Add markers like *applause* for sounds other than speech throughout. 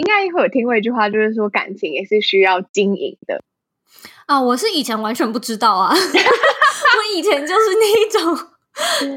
應該會有聽過一句話，就是說，感情也是需要經營的啊！我是以前完全不知道啊， *laughs* *laughs* 我以前就是那一種，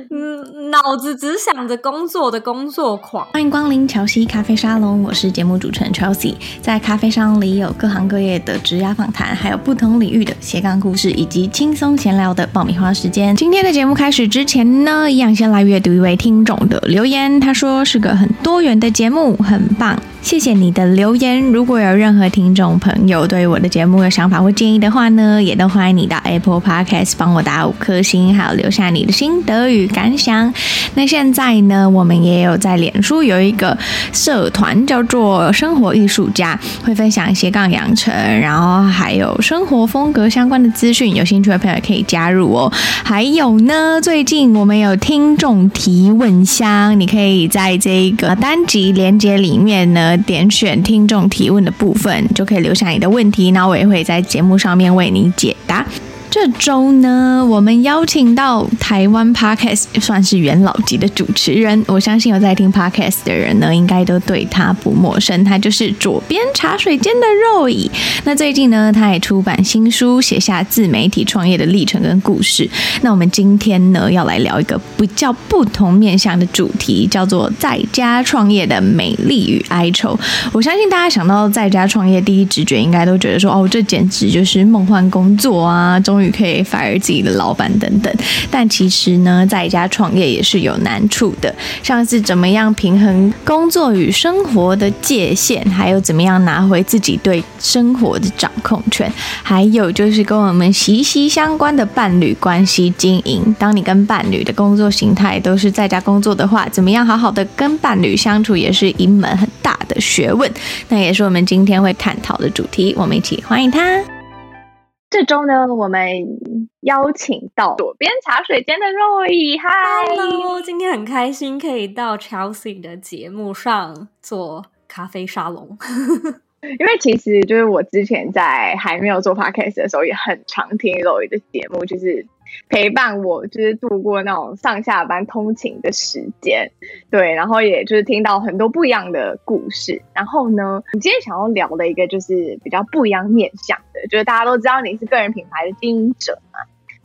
嗯，腦子只想着工作的工作狂。歡迎光臨喬西咖啡沙龍，我是節目主持人 Chelsea。在咖啡商裡有各行各業的職業訪談，還有不同領域的斜槓故事，以及輕鬆閒聊的爆米花時間。今天的節目開始之前呢，一樣先來閱讀一位聽眾的留言。他說，是個很多元的節目，很棒。謝謝你的留言。如果有任何聽眾朋友對我的節目有想法或建議的話呢，也都歡迎你到 Apple Podcast 幫我打五顆星，好留下你的心得與感想。那現在呢，我們也有在臉書有一個社團叫做“生活藝術家”，會分享一些斜槓養成，然後還有生活風格相關的資訊。有興趣的朋友可以加入哦。還有呢，最近我們有聽眾提問箱，你可以在這個單集鏈接裡面呢。點選聽眾提問的部分，就可以留下你的問題，那我也會在節目上面為你解答。這周呢，我們邀請到台灣 Podcast 算是元老級的主持人，我相信有在聽 Podcast 的人呢，應該都對他不陌生。他就是佐編茶水間的 Zoey。那最近呢，他也出版新書，寫下自媒體創業的歷程跟故事。那我們今天呢，要來聊一個比較不同面向的主題，叫做在家創業的美麗與哀愁。我相信大家想到在家創業，第一直覺應該都覺得說，哦，這簡直就是夢幻工作啊！終於。可以 Fire 自己的老闆等等，但其實呢，在家創業也是有難處的，像是怎麼樣平衡工作與生活的界限，還有怎麼樣拿回自己對生活的掌控權，還有就是跟我們息息相關的伴侶關係經營。當你跟伴侶的工作形態都是在家工作的話，怎麼樣好好的跟伴侶相處也是一門很大的學問。那也是我們今天會探討的主題，我們一起歡迎他。這週呢，我們邀請到佐編茶水間的 Zoey，嗨，Hello，今天很開心可以到 Chelsea 的節目上做咖啡沙龍， *laughs* 因為其實就是我之前在還沒有做 Podcast 的時候，也很常聽 Zoey 的節目，就是。陪伴我就是度過那種上下班通勤的時間，對，然後也就是聽到很多不一樣的故事。然後呢，你今天想要聊的一個就是比較不一樣面向的，就是大家都知道你是個人品牌的經營者嘛，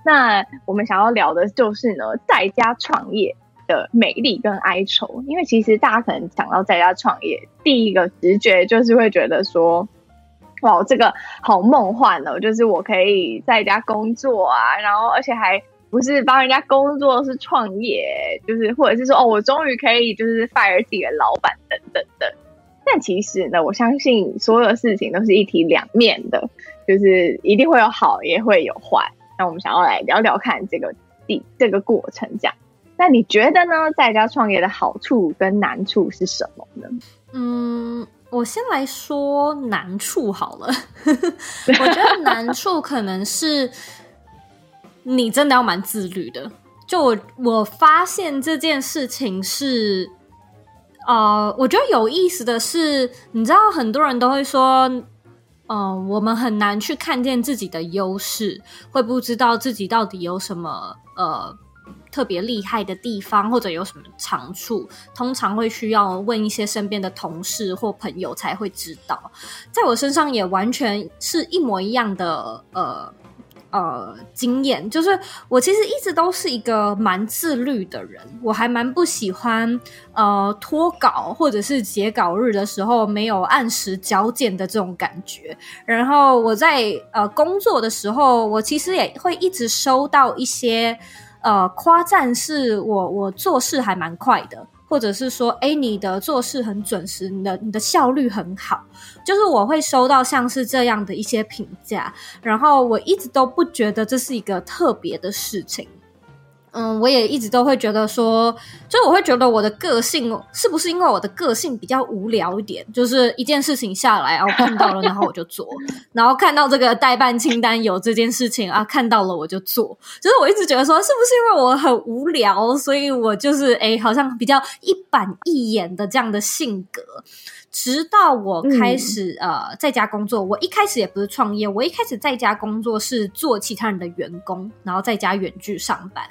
那我們想要聊的就是呢，在家創業的美麗跟哀愁。因為其實大家可能想到在家創業，第一個直覺就是會覺得說。哇，這個好夢幻哦！就是我可以在家工作啊，然後而且還不是幫人家工作，是創業，就是或者是說，哦，我終於可以就是 fire 自己的老闆，等等等。但其實呢，我相信所有的事情都是一體兩面的，就是一定會有好，也會有壞。那我們想要來聊聊看這個地這個過程，這樣。那你覺得呢？在家創業的好處跟難處是什麼呢？嗯。我先來說難處好了， *laughs* 我覺得難處可能是你真的要蠻自律的。就我我發現這件事情是，呃，我覺得有意思的是，你知道很多人都會說，嗯，呃，我們很難去看見自己的優勢，會不知道自己到底有什麼，呃。特別厲害的地方，或者有什麼長處，通常會需要問一些身邊的同事或朋友才會知道。在我身上也完全是一模一樣的，呃呃，經驗就是我其實一直都是一個蠻自律的人，我還蠻不喜歡呃拖稿或者是截稿日的時候沒有按時交件的這種感覺。然後我在呃工作的時候，我其實也會一直收到一些。呃，誇讚是我我做事還蠻快的，或者是說，欸，你的做事很準時，你的你的效率很好，就是我會收到像是這樣的一些評價，然後我一直都不覺得這是一個特別的事情。嗯，我也一直都會覺得說，就是我會覺得我的個性是不是因為我的個性比較無聊一點？就是一件事情下來，我看到了， *laughs* 然後我就做；然後看到這個待辦清單有這件事情啊，看到了我就做。就是我一直覺得說，是不是因為我很無聊，所以我就是誒、欸，好像比較一板一眼的這樣的性格。直到我開始、嗯、呃在家工作，我一開始也不是創業，我一開始在家工作是做其他人的員工，然後在家遠距上班。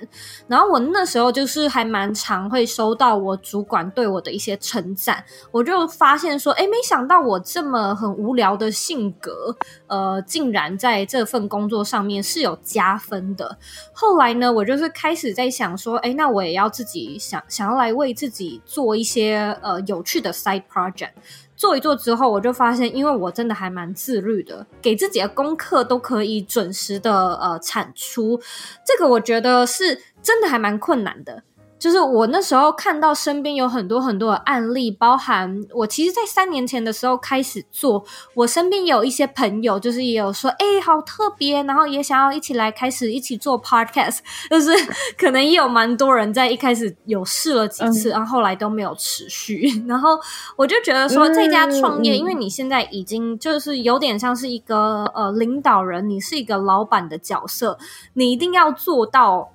然後我那時候就是還蠻常會收到我主管對我的一些稱讚，我就發現說，哎、欸，沒想到我這麼很無聊的性格，呃，竟然在這份工作上面是有加分的。後來呢，我就是開始在想說，哎、欸，那我也要自己想想要來為自己做一些呃有趣的 side project。做一做之後，我就發現，因為我真的還蠻自律的，給自己的功課都可以準時的呃產出，這個我覺得是真的還蠻困難的。就是我那時候看到身邊有很多很多的案例，包含我其實，在三年前的時候開始做，我身邊也有一些朋友，就是也有說，哎、欸，好特別，然後也想要一起來開始一起做 podcast，就是可能也有蠻多人在一開始有試了幾次，Okay. 然後後來都沒有持續，然後我就覺得說，在家創業、嗯，因為你現在已經就是有點像是一個呃領導人，你是一個老闆的角色，你一定要做到。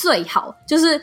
最好就是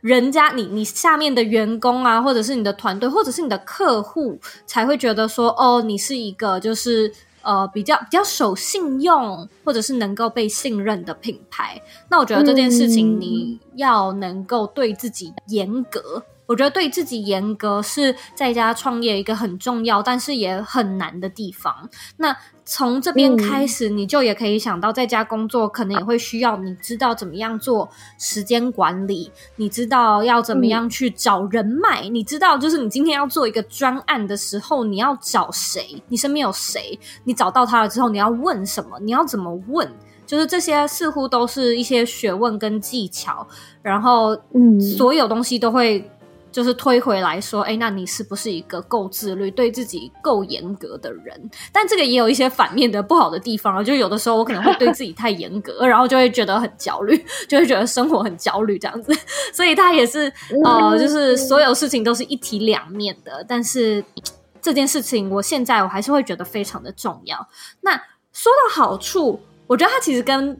人家你你下面的員工啊，或者是你的團隊，或者是你的客戶，才會覺得說，哦，你是一個就是呃比較比較守信用，或者是能夠被信任的品牌。那我覺得這件事情你要能夠對自己嚴格，嗯，我覺得對自己嚴格是在家創業一個很重要，但是也很難的地方。那。從這邊開始，你就也可以想到，在家工作可能也會需要你知道怎麼樣做時間管理，嗯、你知道要怎麼樣去找人脈、嗯，你知道就是你今天要做一個專案的時候，你要找誰？你身邊有誰？你找到他了之後，你要問什麼？你要怎麼問？就是這些似乎都是一些學問跟技巧，然後嗯，所有東西都會。就是推回來說，誒、欸，那你是不是一個夠自律、對自己夠嚴格的人？但這個也有一些反面的不好的地方，就有的時候我可能會對自己太嚴格， *laughs* 然後就會覺得很焦慮，就會覺得生活很焦慮這樣子。所以他也是呃，就是所有事情都是一體兩面的。但是這件事情，我現在我還是會覺得非常的重要。那說到好處，我覺得它其實跟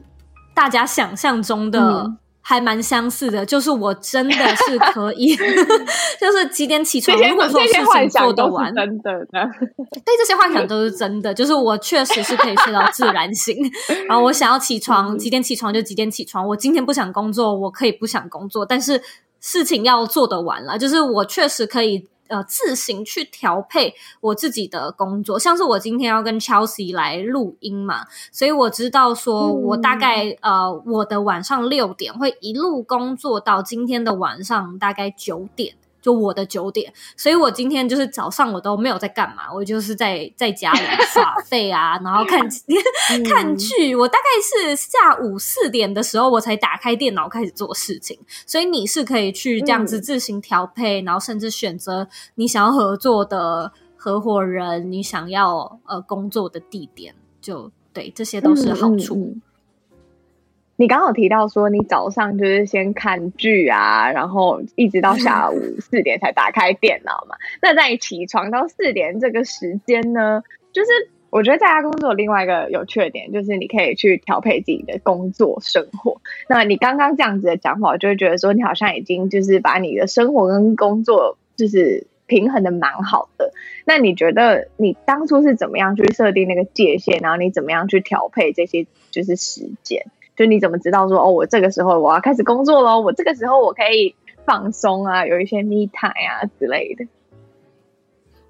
大家想象中的、嗯。還蠻相似的，就是我真的是可以， *laughs* 就是幾點起床，如果說事情做得完。對，這些幻想都是真的，是真的 *laughs* 就是我確實是可以睡到自然醒， *laughs* 然後我想要起床，幾點起床就幾點起床。我今天不想工作，我可以不想工作，但是事情要做得完了，就是我確實可以，呃，自行去調配我自己的工作，像是我今天要跟 Chelsea 來錄音嘛，所以我知道說我大概、嗯、呃，我的晚上六點會一路工作到今天的晚上大概九點。就我的九點，所以我今天就是早上我都沒有在幹嘛，我就是在在家裡耍廢啊， *laughs* 然後看、嗯、 *laughs* 看劇。我大概是下午四點的時候，我才打開電腦開始做事情。所以你是可以去這樣子自行調配、嗯，然後甚至選擇你想要合作的合夥人，你想要呃工作的地點，就對，這些都是好處。嗯嗯你剛好提到說，你早上就是先看劇啊，然後一直到下午四點才打開電腦嘛。 *laughs* 那在起床到四點這個時間呢，就是我覺得在家工作另外一個有趣的點，就是你可以去調配自己的工作生活。那你剛剛這樣子的講法，我就會覺得說，你好像已經就是把你的生活跟工作就是平衡得蠻好的。那你覺得你當初是怎麼樣去設定那個界限，然後你怎麼樣去調配這些就是時間？就你怎麼知道說哦，我這個時候我要開始工作嘍，我這個時候我可以放鬆啊，有一些密 e t 啊之類的。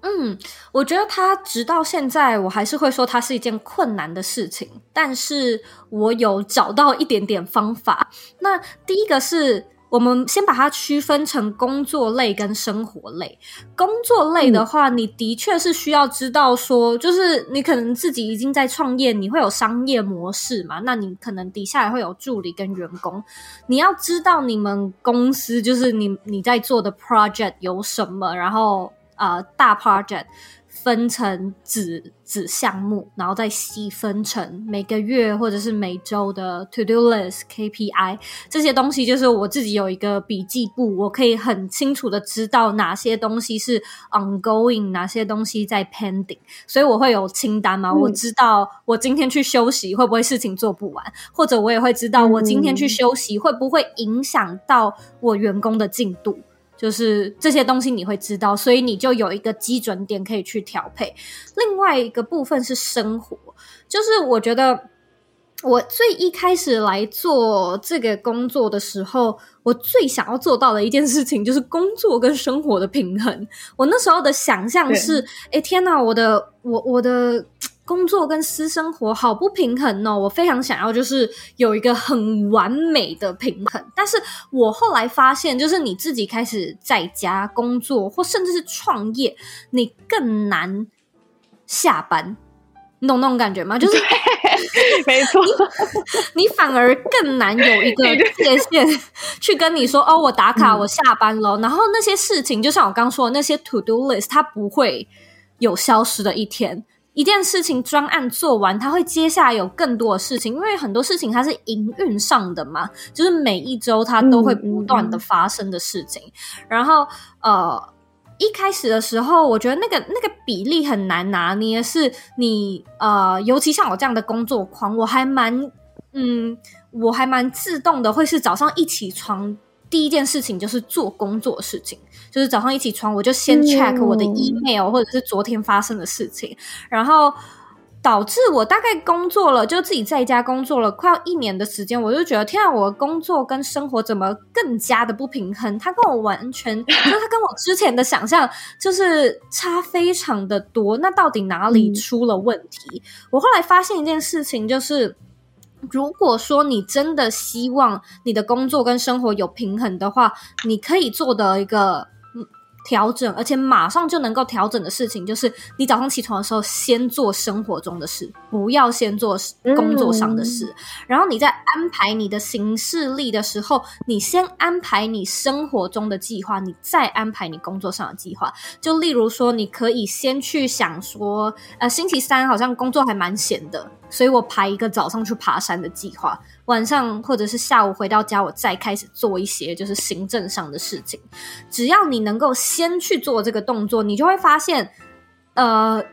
嗯，我覺得他直到現在我還是會說它是一件困難的事情，但是我有找到一點點方法。那第一個是。我們先把它區分成工作類跟生活類。工作類的話，你的確是需要知道說，就是你可能自己已經在創業，你會有商業模式嘛，那你可能底下也會有助理跟員工。你要知道你們公司，就是你你在做的 project 有什麼，然後呃大 project，分成子子項目，然後再細分成每個月或者是每周的 to do list、KPI 這些東西，就是我自己有一個筆記簿，我可以很清楚的知道哪些東西是 ongoing，哪些東西在 pending，所以我會有清單嘛，嗯。我知道我今天去休息會不會事情做不完，或者我也會知道我今天去休息會不會影響到我員工的進度。就是這些東西你會知道，所以你就有一個基準點可以去調配。另外一個部分是生活，就是我覺得我最一開始來做這個工作的時候，我最想要做到的一件事情就是工作跟生活的平衡。我那時候的想象是：誒，天哪，我的，我，我的。工作跟私生活好不平衡哦，我非常想要就是有一個很完美的平衡，但是我後來發現，就是你自己開始在家工作或甚至是創業，你更難下班，你懂那種感覺嗎？就是，沒錯。 *laughs* 你，你反而更難有一個界限去跟你說 *laughs* 哦，我打卡，我下班咯，嗯，然後那些事情，就像我剛剛說的那些 to do list，它不會有消失的一天。一件事情專案做完，它會接下來有更多的事情，因為很多事情它是營運上的嘛，就是每一周它都會不斷的發生的事情，嗯嗯。然後，呃，一開始的時候，我覺得那個那個比例很難拿捏，你也是你呃，尤其像我這樣的工作狂，我還蠻嗯，我還蠻自動的，會是早上一起床。第一件事情就是做工作事情，就是早上一起床我就先 check 我的 email 或者是昨天發生的事情，嗯、然後導致我大概工作了，就自己在家工作了快要一年的時間，我就覺得天啊，我工作跟生活怎麼更加的不平衡？他跟我完全，就他跟我之前的想象就是差非常的多。那到底哪裡出了問題？嗯、我後來發現一件事情就是。如果說你真的希望你的工作跟生活有平衡的話，你可以做的一個嗯調整，而且馬上就能夠調整的事情，就是你早上起床的時候，先做生活中的事，不要先做工作上的事。嗯、然後你在安排你的行事曆的時候，你先安排你生活中的計劃，你再安排你工作上的計劃。就例如說，你可以先去想說，呃，星期三好像工作還蠻閒的。所以我排一個早上去爬山的計劃，晚上或者是下午回到家，我再開始做一些就是行政上的事情。只要你能夠先去做這個動作，你就會發現，呃，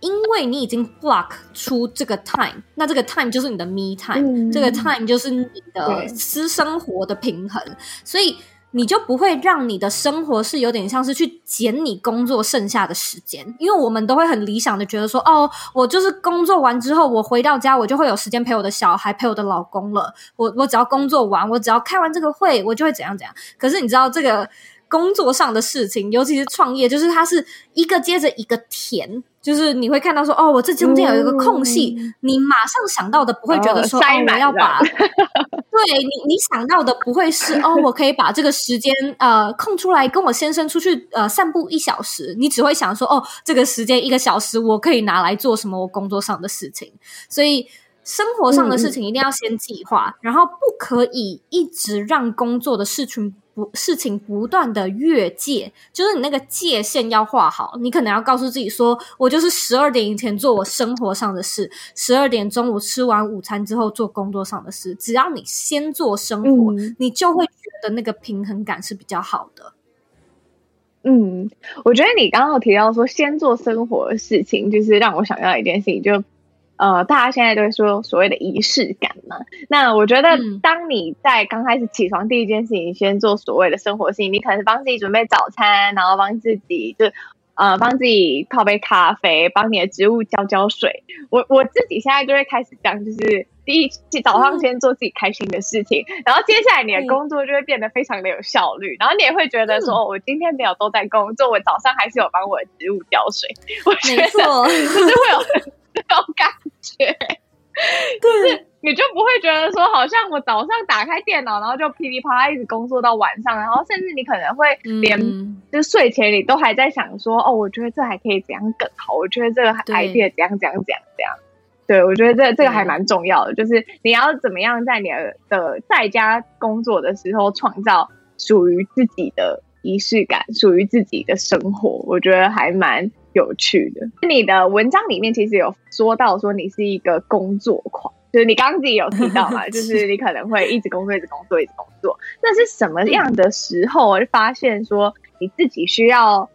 因為你已經 block 出這個 time，那這個 time 就是你的 me time，嗯，這個 time 就是你的私生活的平衡，所以。你就不會讓你的生活是有點像是去撿你工作剩下的時間，因為我們都會很理想的覺得說，哦，我就是工作完之後，我回到家，我就會有時間陪我的小孩，陪我的老公了。我我只要工作完，我只要開完這個會，我就會怎樣怎樣。可是你知道，這個工作上的事情，尤其是創業，就是它是一個接着一個填，就是你會看到說，哦，我這中間有一個空隙、嗯，你馬上想到的不會覺得說，哦，哦我要把。 *laughs* 對，你你想到的不會是哦，我可以把這個時間呃空出來跟我先生出去呃散步一小時。你只會想說哦，這個時間一個小時我可以拿來做什麼？我工作上的事情，所以生活上的事情一定要先計劃，嗯、然後不可以一直讓工作的事情。不，事情不斷的越界，就是你那個界限要畫好。你可能要告訴自己說，我就是十二點以前做我生活上的事，十二點中午吃完午餐之後做工作上的事。只要你先做生活、嗯，你就會覺得那個平衡感是比較好的。嗯，我覺得你剛剛提到說先做生活的事情，就是讓我想要一件事情就。呃，大家現在都會說所謂的儀式感嘛。那我覺得，當你在剛開始起床第一件事情，嗯、先做所謂的生活性，你可能是幫自己準備早餐，然後幫自己就是，呃，幫自己泡杯咖啡，幫你的植物澆澆水。我我自己現在就會開始講，就是第一早上先做自己開心的事情、嗯，然後接下來你的工作就會變得非常的有效率，嗯、然後你也會覺得說、哦，我今天沒有都在工作，我早上還是有幫我的植物澆水。我覺得可是會有。 *laughs* 這種感覺，就是你就不會覺得說，好像我早上打開電腦，然後就噼里啪啦一直工作到晚上，然後甚至你可能會連就睡前你都還在想說、嗯，哦，我覺得這還可以怎樣更好，我覺得這個 idea 怎樣怎樣怎樣怎樣。對，對我覺得這這個還蠻重要的、嗯，就是你要怎麼樣在你的在家工作的時候創造屬於自己的儀式感，屬於自己的生活，我覺得還蠻。有趣的，你的文章裡面其實有說到說，你是一個工作狂，就是你剛剛自己有提到嘛， *laughs* 就是你可能會一直工作一直工作一直工作。那是什麼樣的時候我就發現說，你自己需要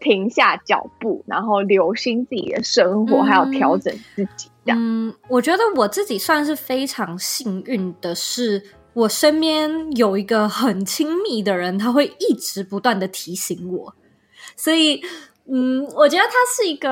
停下腳步，然後留心自己的生活，嗯、還有調整自己這樣？嗯，嗯，我覺得我自己算是非常幸運的是，我身邊有一個很親密的人，他會一直不斷的提醒我，所以。嗯，我覺得它是一個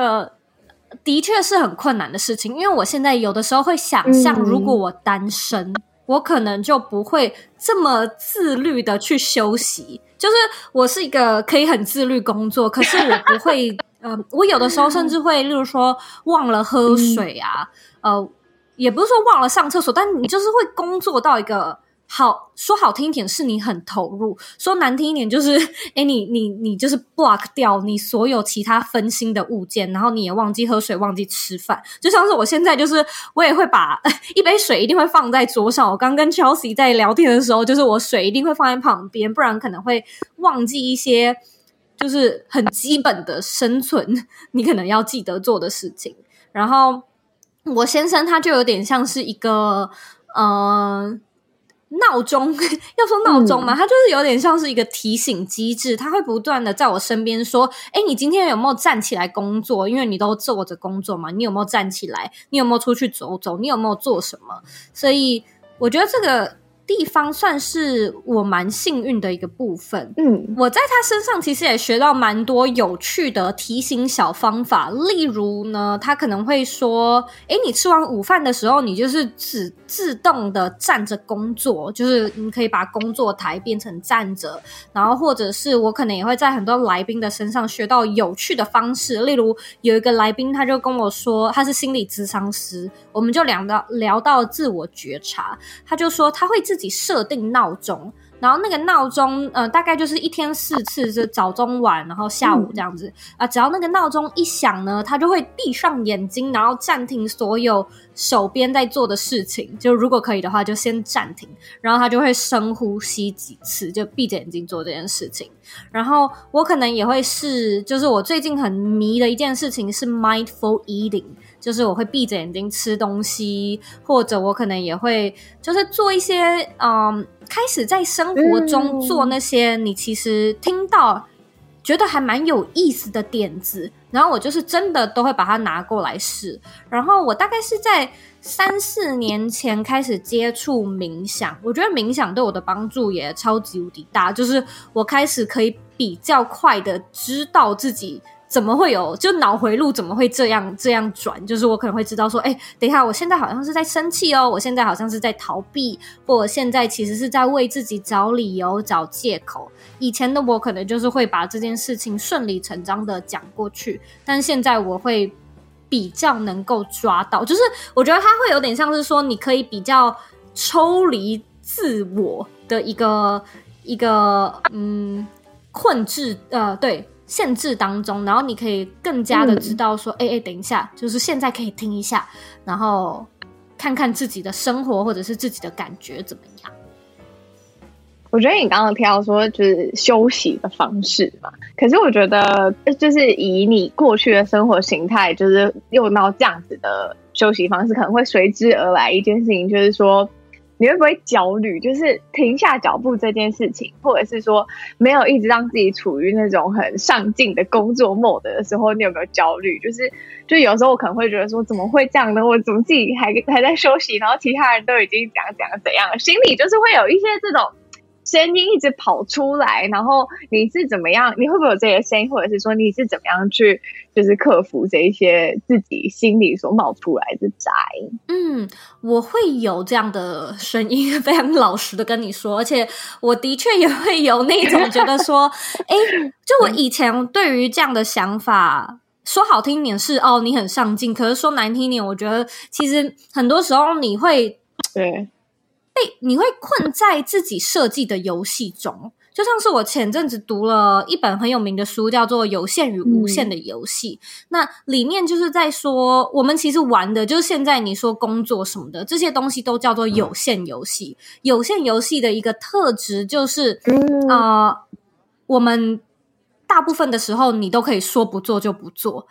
的確是很困難的事情，因為我現在有的時候會想象，如果我單身，嗯，我可能就不會這麼自律的去休息。就是我是一個可以很自律工作，可是我不會， *laughs* 呃，我有的時候甚至會，例如說忘了喝水啊，嗯，呃，也不是說忘了上廁所，但你就是會工作到一個。好，說好聽一點，是你很投入，說難聽一點就是，哎，你你你就是 block 掉你所有其他分心的物件，然後你也忘記喝水，忘記吃飯。就像是我現在，就是我也會把一杯水一定會放在桌上。我剛跟 Chelsea 在聊天的時候，就是我水一定會放在旁邊，不然可能會忘記一些就是很基本的生存，你可能要記得做的事情。然後我先生他就有點像是一個，嗯、呃。鬧鐘要說鬧鐘嘛，它就是有點像是一個提醒機制，它會不斷的在我身邊說：“哎、欸，你今天有沒有站起來工作？因為你都坐著工作嘛，你有沒有站起來？你有沒有出去走走？你有沒有做什麼？”所以我覺得這個地方算是我蠻幸運的一個部分。嗯，我在他身上其實也學到蠻多有趣的提醒小方法。例如呢，他可能會說：“誒，你吃完午飯的時候，你就是只自動的站着工作，就是你可以把工作台變成站着。”然後或者是我可能也會在很多來賓的身上學到有趣的方式。例如有一個來賓他就跟我說，他是心理諮商師，我們就聊到聊到自我覺察，他就說他會自己。設定鬧鐘，然後那個鬧鐘呃，大概就是一天四次，就早中晚，然後下午這樣子啊，呃。只要那個鬧鐘一響呢，他就會閉上眼睛，然後暫停所有手邊在做的事情。就如果可以的話，就先暫停，然後他就會深呼吸幾次，就閉着眼睛做這件事情。然後我可能也會試，就是我最近很迷的一件事情是 mindful eating。就是我會閉着眼睛吃東西，或者我可能也會就是做一些嗯，開始在生活中做那些你其實聽到覺得還蠻有意思的點子，然後我就是真的都會把它拿過來試。然後我大概是在三四年前開始接觸冥想，我覺得冥想對我的幫助也超級無敵大，就是我開始可以比較快的知道自己。怎麼會有？就腦回路怎麼會這樣，這樣轉？就是我可能會知道說，哎，等一下，我現在好像是在生氣哦，我現在好像是在逃避，或我現在其實是在為自己找理由、找借口。以前的我可能就是會把這件事情順理成章的講過去，但現在我會比較能夠抓到，就是我覺得它會有點像是說，你可以比較抽離自我的一個，一個，嗯，困制，呃，對。限制當中，然後你可以更加的知道說，哎、嗯、哎、欸，等一下，就是現在可以聽一下，然後看看自己的生活或者是自己的感覺怎麼樣。我覺得你剛剛提到說，就是休息的方式嘛，可是我覺得，就是以你過去的生活形態，就是用到這樣子的休息方式，可能會隨之而來一件事情，就是說。你會不會焦慮？就是停下腳步這件事情，或者是說沒有一直讓自己處於那種很上進的工作 mode 的時候，你有沒有焦慮？就是，就有時候我可能會覺得說，怎麼會這樣呢？我怎麼自己還還在休息，然後其他人都已經講講怎樣怎樣？心裡就是會有一些這種。聲音一直跑出來，然後你是怎麼樣？你會不會有這些聲音，或者是說你是怎麼樣去，就是克服這一些自己心裡所冒出來的雜音。嗯，我會有這樣的聲音，非常老實的跟你說，而且我的確也會有那種覺得說，哎， *laughs* 就我以前對於這樣的想法，嗯、說好聽一點是哦，你很上進，可是說難聽一點，我覺得其實很多時候你會對。被，你會困在自己設計的遊戲中，就像是我前陣子讀了一本很有名的書，叫做《有限與無限的遊戲》嗯。那裡面就是在說，我們其實玩的就是現在你說工作什麼的這些東西，都叫做有限遊戲。有限遊戲的一個特質就是，嗯、呃，我們大部分的時候，你都可以說不做就不做。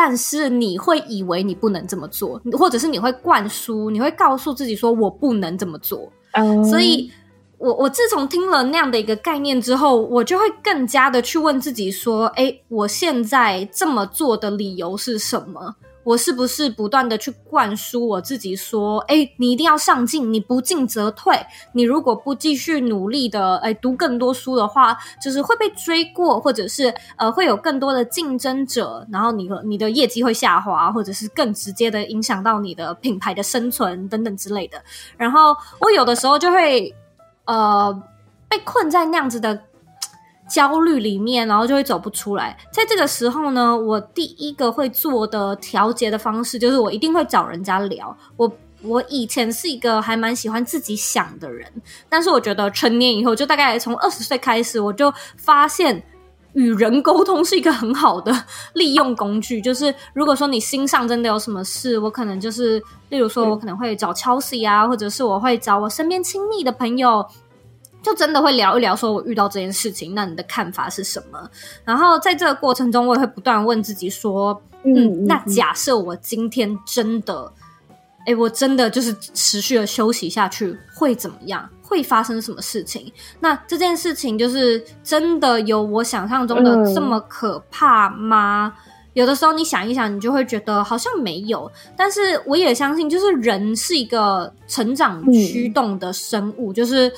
但是你會以為你不能這麼做，或者是你會灌輸，你會告訴自己說“我不能這麼做”嗯。所以，我我自從聽了那樣的一個概念之後，我就會更加的去問自己說：“誒，我現在這麼做的理由是什麼？”我是不是不斷的去灌輸我自己說，欸，你一定要上進，你不進則退，你如果不繼續努力的，欸，讀更多書的話，就是會被追過，或者是呃會有更多的競爭者，然後你你的業績會下滑，或者是更直接的影響到你的品牌的生存等等之類的。然後我有的時候就會呃被困在那樣子的焦慮裡面，然後就會走不出來。在這個時候呢，我第一個會做的調節的方式，就是我一定會找人家聊。我我以前是一個還蠻喜歡自己想的人，但是我覺得成年以後，就大概從二十歲開始，我就發現與人溝通是一個很好的利用工具。就是如果說你心上真的有什麼事，我可能就是，例如說我可能會找喬西呀，或者是我會找我身邊親密的朋友。就真的會聊一聊，說我遇到這件事情，那你的看法是什麼？然後在這個過程中，我也會不斷問自己說，嗯，那假設我今天真的，哎、欸，我真的就是持續的休息下去，會怎麼樣？會發生什麼事情？那這件事情就是真的有我想象中的這麼可怕嗎？嗯？有的時候你想一想，你就會覺得好像沒有。但是我也相信，就是人是一個成長驅動的生物，嗯、就是。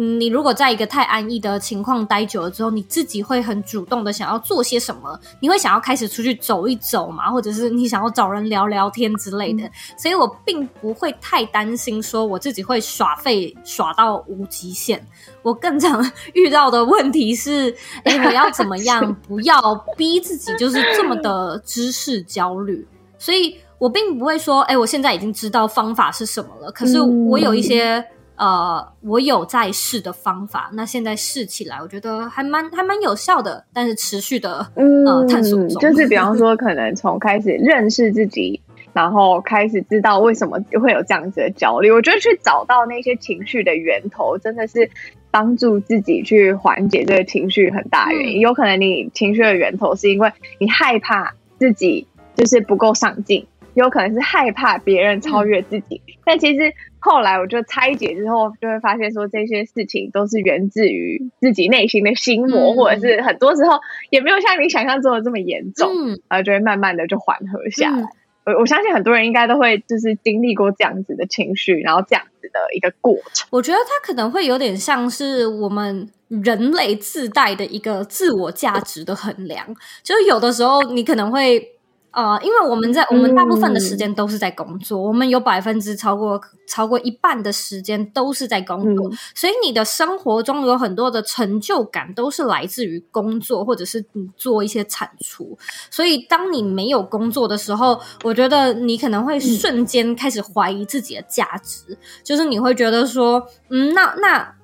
嗯，你如果在一個太安逸的情況待久了之後，你自己會很主動的想要做些什麼。你會想要開始出去走一走嘛，或者是你想要找人聊聊天之類的。所以我並不會太擔心說我自己會耍廢耍到無極限。我更常遇到的問題是，誒、欸，我要怎麼樣 *laughs* 不要逼自己就是這麼的知識焦慮？所以我並不會說，誒、欸，我現在已經知道方法是什麼了，可是我有一些。呃，我有在試的方法，那現在試起來，我覺得還蠻還蠻有效的，但是持續的、嗯、呃探索就是比方說，可能從開始認識自己， *laughs* 然後開始知道為什麼會有這樣子的焦慮，我覺得去找到那些情緒的源頭，真的是幫助自己去緩解這個情緒很大原因，嗯。有可能你情緒的源頭是因為你害怕自己就是不夠上進。有可能是害怕別人超越自己，嗯，但其實後來我就拆解之後，就會發現說這些事情都是源自於自己內心的心魔，嗯，或者是很多時候也沒有像你想象中的這麼嚴重，嗯，然後就會慢慢的就緩和下來。嗯、我我相信很多人應該都會就是經歷過這樣子的情緒，然後這樣子的一個過程。我覺得它可能會有點像是我們人類自帶的一個自我價值的衡量，就是有的時候你可能會。呃，因為我們在我們大部分的時間都是在工作、嗯，我們有百分之超過超過一半的時間都是在工作、嗯，所以你的生活中有很多的成就感都是來自於工作或者是你做一些產出。所以當你沒有工作的時候，我覺得你可能會瞬間開始懷疑自己的價值、嗯，就是你會覺得說，嗯，那那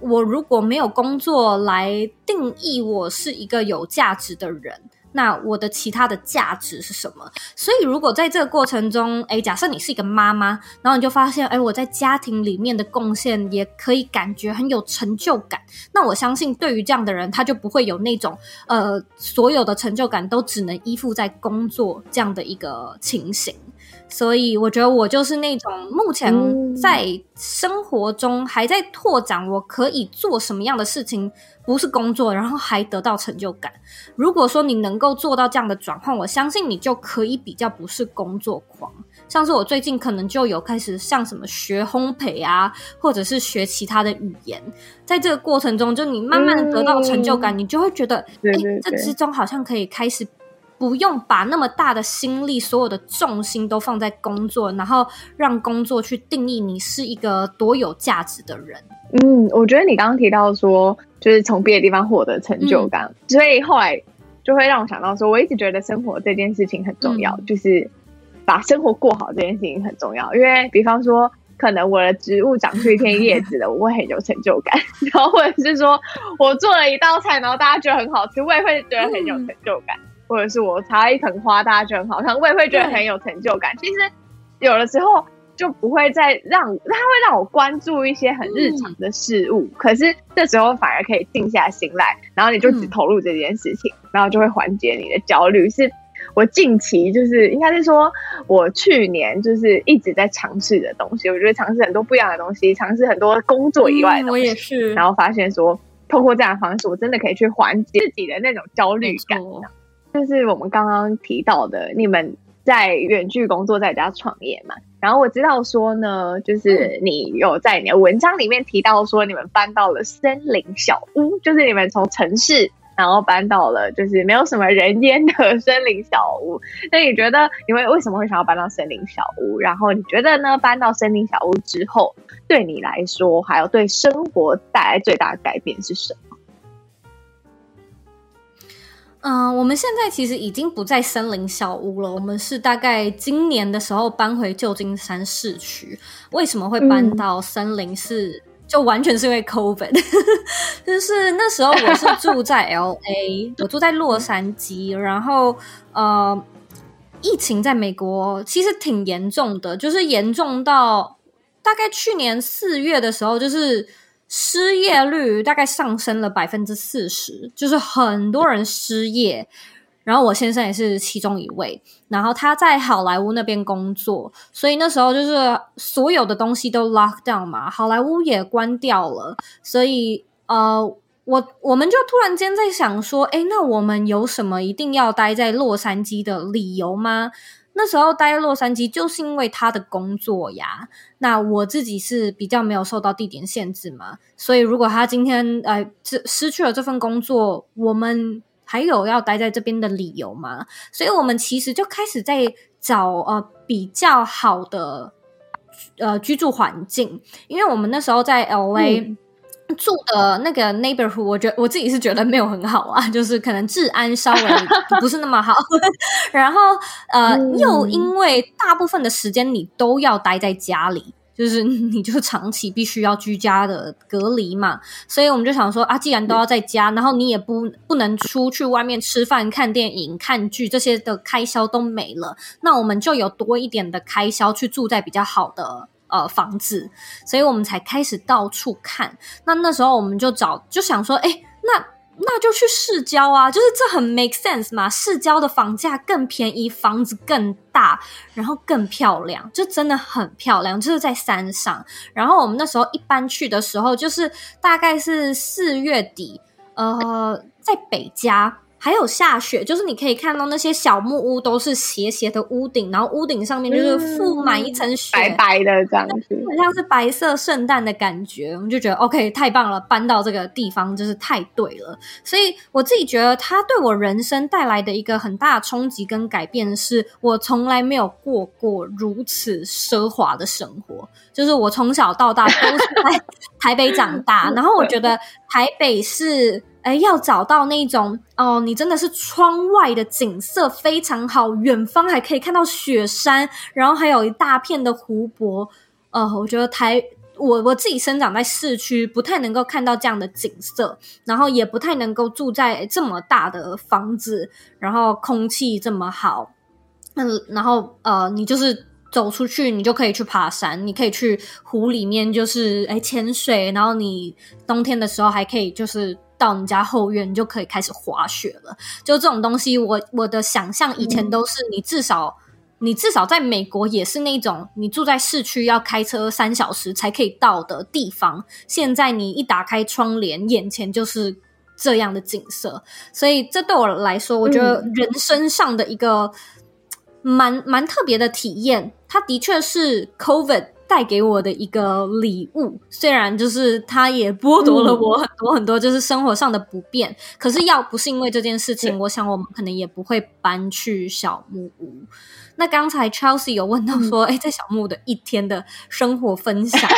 我如果沒有工作來定義我是一個有價值的人。那我的其他的價值是什麼？所以如果在這個過程中，哎，假設你是一個媽媽，然後你就發現，哎，我在家庭裡面的貢獻也可以感覺很有成就感。那我相信，對於這樣的人，他就不會有那種呃，所有的成就感都只能依附在工作這樣的一個情形。所以我覺得我就是那種目前在生活中還在拓展，我可以做什麼樣的事情，不是工作，然後還得到成就感。如果說你能夠做到這樣的轉換，我相信你就可以比較不是工作狂。像是我最近可能就有開始像什麼學烘焙啊，或者是學其他的語言，在這個過程中，就你慢慢的得到成就感，嗯，你就會覺得，哎，這之中好像可以開始。不用把那麼大的心力，所有的重心都放在工作，然後讓工作去定義你是一個多有價值的人。嗯，我覺得你剛剛提到說，就是從別的地方獲得成就感、嗯，所以後來就會讓我想到說，我一直覺得生活這件事情很重要，嗯、就是把生活過好這件事情很重要。因為，比方說，可能我的植物長出一片葉子了， *laughs* 我會很有成就感；然後，或者是說我做了一道菜，然後大家覺得很好吃，我也會覺得很有成就感。嗯或者是我插一盆花，大家就很好，可我也會覺得很有成就感。其實，有的時候就不會再讓它會讓我關注一些很日常的事物，嗯、可是這時候反而可以靜下心來，嗯、然後你就只投入這件事情、嗯，然後就會緩解你的焦慮。是我近期就是應該是說，我去年就是一直在嘗試的東西，我就會嘗試很多不一樣的東西，嘗試很多工作以外的東西、嗯，我也是，然後發現說，透過這樣的方式，我真的可以去緩解自己的那種焦慮感。就是我們剛剛提到的，你們在遠距工作，在家創業嘛。然後我知道說呢，就是你有在你的文章裡面提到說，你們搬到了森林小屋，就是你們從城市，然後搬到了就是沒有什麼人煙的森林小屋。那你覺得，你為為什麼會想要搬到森林小屋？然後你覺得呢？搬到森林小屋之後，對你來說，還有對生活帶來最大的改變是什麼？嗯、呃，我們現在其實已經不在森林小屋了。我們是大概今年的時候搬回舊金山市區。為什麼會搬到森林市、嗯，就完全是因為 COVID。 *laughs* 就是那時候我是住在 LA， *laughs* 我住在洛杉磯。嗯、然後呃，疫情在美國其實挺嚴重的，就是嚴重到大概去年四月的時候，就是。失業率大概上升了百分之四十，就是很多人失業。然後我先生也是其中一位，然後他在好萊塢那邊工作，所以那時候就是所有的東西都 lock down 嘛，好萊塢也關掉了。所以呃，我我們就突然間在想說，誒，那我們有什麼一定要待在洛杉磯的理由嗎？那時候待在洛杉磯就是因為他的工作呀。那我自己是比較沒有受到地點限制嘛，所以如果他今天呃失去了這份工作，我們還有要待在這邊的理由嗎？所以我們其實就開始在找呃比較好的呃居住環境，因為我們那時候在 LA，嗯。住的那個 neighborhood，我覺得我自己是覺得沒有很好啊，就是可能治安稍微不是那麼好。 *laughs* 然後呃，又因為大部分的時間你都要待在家裡，就是你就長期必須要居家的隔離嘛，所以我們就想說啊，既然都要在家，然後你也不不能出去外面吃飯、看電影、看劇這些的開銷都沒了，那我們就有多一點的開銷去住在比較好的。呃，房子，所以我們才開始到處看。那那時候我們就找，就想說，哎，那那就去市郊啊，就是這很 make sense 嘛。市郊的房價更便宜，房子更大，然後更漂亮，就真的很漂亮，就是在山上。然後我們那時候一般去的時候，就是大概是四月底，呃，在北加。還有下雪，就是你可以看到那些小木屋都是斜斜的屋頂，然後屋頂上面就是覆滿一層雪，嗯，白白的這樣子，很像是白色聖誕的感覺。我們就覺得 OK，太棒了，搬到這個地方就是太對了。所以我自己覺得，它對我人生帶來的一個很大的衝擊跟改變，是我從來沒有過過如此奢華的生活。就是我從小到大都是在台北長大， *laughs* 然後我覺得台北是。誒，要找到那種哦，你真的是窗外的景色非常好，遠方還可以看到雪山，然後還有一大片的湖泊。呃，我覺得台，我我自己生長在市區，不太能夠看到這樣的景色，然後也不太能夠住在這麼大的房子，然後空氣這麼好。嗯、呃，然後呃，你就是走出去，你就可以去爬山，你可以去湖裡面，就是哎潛水，然後你冬天的時候還可以就是。到你家後院你就可以開始滑雪了。就這種東西，我我的想象以前都是、嗯、你至少你至少在美國也是那種你住在市區要開車三小時才可以到的地方。現在你一打開窗簾，眼前就是這樣的景色，所以這對我來說，我覺得人生上的一個蠻蠻特別的體驗。它的確是 COVID。帶給我的一個禮物，雖然就是他也剝奪了我很多很多，就是生活上的不便，嗯。可是要不是因為這件事情，嗯、我想我們可能也不會搬去小木屋。那剛才 Chelsea 有問到說，哎，嗯，在小木屋的一天的生活分享。 *laughs*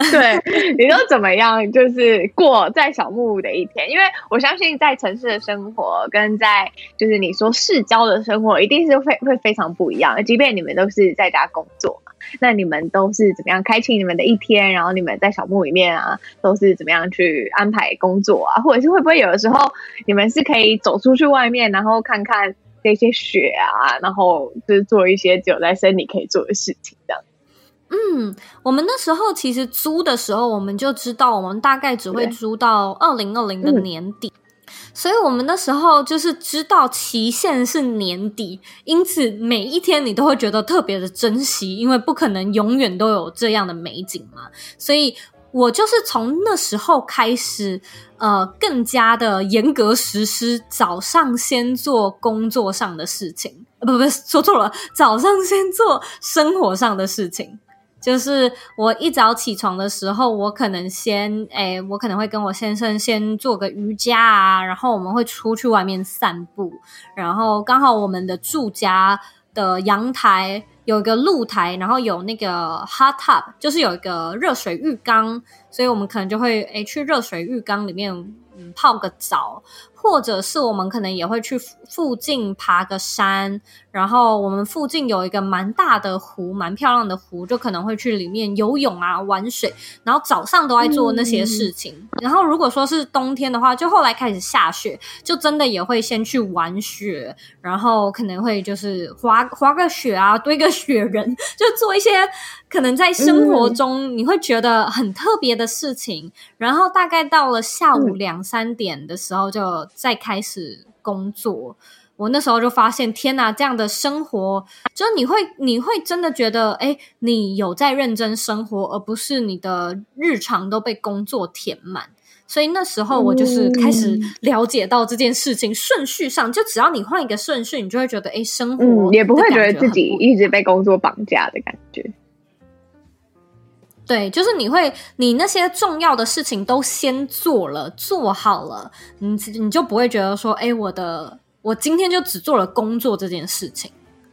*laughs* 對，你都怎麼樣？就是過在小木屋的一天，因為我相信在城市的生活跟在就是你說市郊的生活一定是會會非常不一樣的。即便你們都是在家工作，那你們都是怎麼樣開啟你們的一天？然後你們在小木屋裡面啊，都是怎麼樣去安排工作啊？或者是會不會有的時候你們是可以走出去外面，然後看看這些雪啊，然後就是做一些只有在森林可以做的事情這樣。嗯，我們那時候其實租的時候，我們就知道我們大概只會租到二零二零的年底。嗯，所以我們那時候就是知道期限是年底，因此每一天你都會覺得特別的珍惜，因為不可能永遠都有這樣的美景嘛。所以我就是從那時候開始，呃，更加的嚴格實施早上先做工作上的事情，呃、不，不，說錯了，早上先做生活上的事情。就是我一早起床的時候，我可能先誒、欸，我可能會跟我先生先做個瑜伽啊，然後我們會出去外面散步，然後剛好我們的住家的陽台有一個露台，然後有那個 hot tub，就是有一個熱水浴缸，所以我們可能就會誒、欸，去熱水浴缸裡面泡個澡。或者是我們可能也會去附近爬個山，然後我們附近有一個蠻大的湖，蠻漂亮的湖，就可能會去裡面游泳啊、玩水。然後早上都愛做那些事情。嗯。然後如果說是冬天的話，就後來開始下雪，就真的也會先去玩雪，然後可能會就是滑滑個雪啊，堆個雪人，就做一些可能在生活中你會覺得很特別的事情。嗯嗯。然後大概到了下午兩三點的時候就。再開始工作，我那時候就發現，天吶、啊，這樣的生活，就你會，你會真的覺得，哎、欸，你有在認真生活，而不是你的日常都被工作填滿。所以那時候我就是開始了解到這件事情順、嗯、序上，就只要你換一個順序，你就會覺得，哎、欸，生活不、嗯、也不會覺得自己一直被工作綁架的感覺。對，就是你會，你那些重要的事情都先做了，做好了，你你就不會覺得說，哎，我的，我今天就只做了工作這件事情。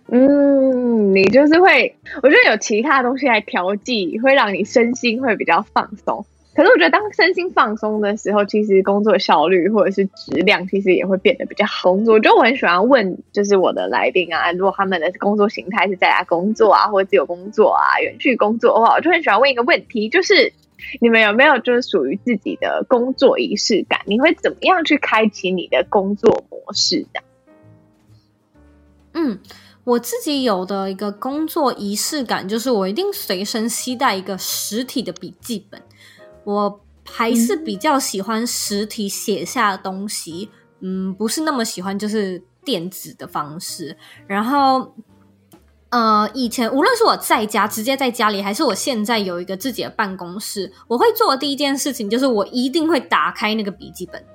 嗯，你就是會，我覺得有其他東西來調劑，會讓你身心會比較放鬆。可是我覺得，當身心放鬆的時候，其實工作效率或者是質量，其實也會變得比較好。工作，我就很喜歡問，就是我的來賓啊，如果他們的工作形態是在家工作啊，或者自由工作啊，遠距工作的話，我就很喜歡問一個問題，就是你們有沒有就是屬於自己的工作儀式感？你會怎麼樣去開啟你的工作模式的？嗯，我自己有的一個工作儀式感，就是我一定隨身攜帶一個實體的筆記本。我還是比較喜歡實體寫下的東西，嗯，嗯，不是那麼喜歡就是電子的方式。然後，呃，以前無論是我在家，直接在家裡，還是我現在有一個自己的辦公室，我會做的第一件事情就是我一定會打開那個筆記本。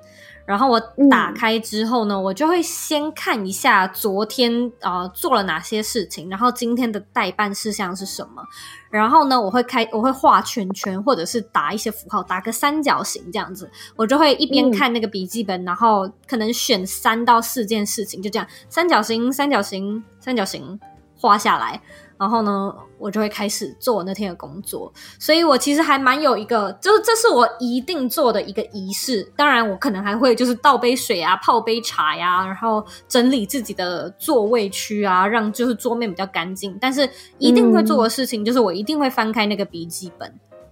然後我打開之後呢、嗯，我就會先看一下昨天啊、呃、做了哪些事情，然後今天的待辦事項是什麼。然後呢，我會開，我會畫圈圈，或者是打一些符號，打個三角形這樣子。我就會一邊看那個筆記本，嗯、然後可能選三到四件事情，就這樣，三角形，三角形，三角形畫下來。然後呢，我就會開始做那天的工作，所以我其實還蠻有一個，就是這是我一定做的一個儀式。當然，我可能還會就是倒杯水啊，泡杯茶呀、啊，然後整理自己的座位區啊，讓就是桌面比較乾淨。但是一定會做的事情就是我一定會翻開那個筆記本，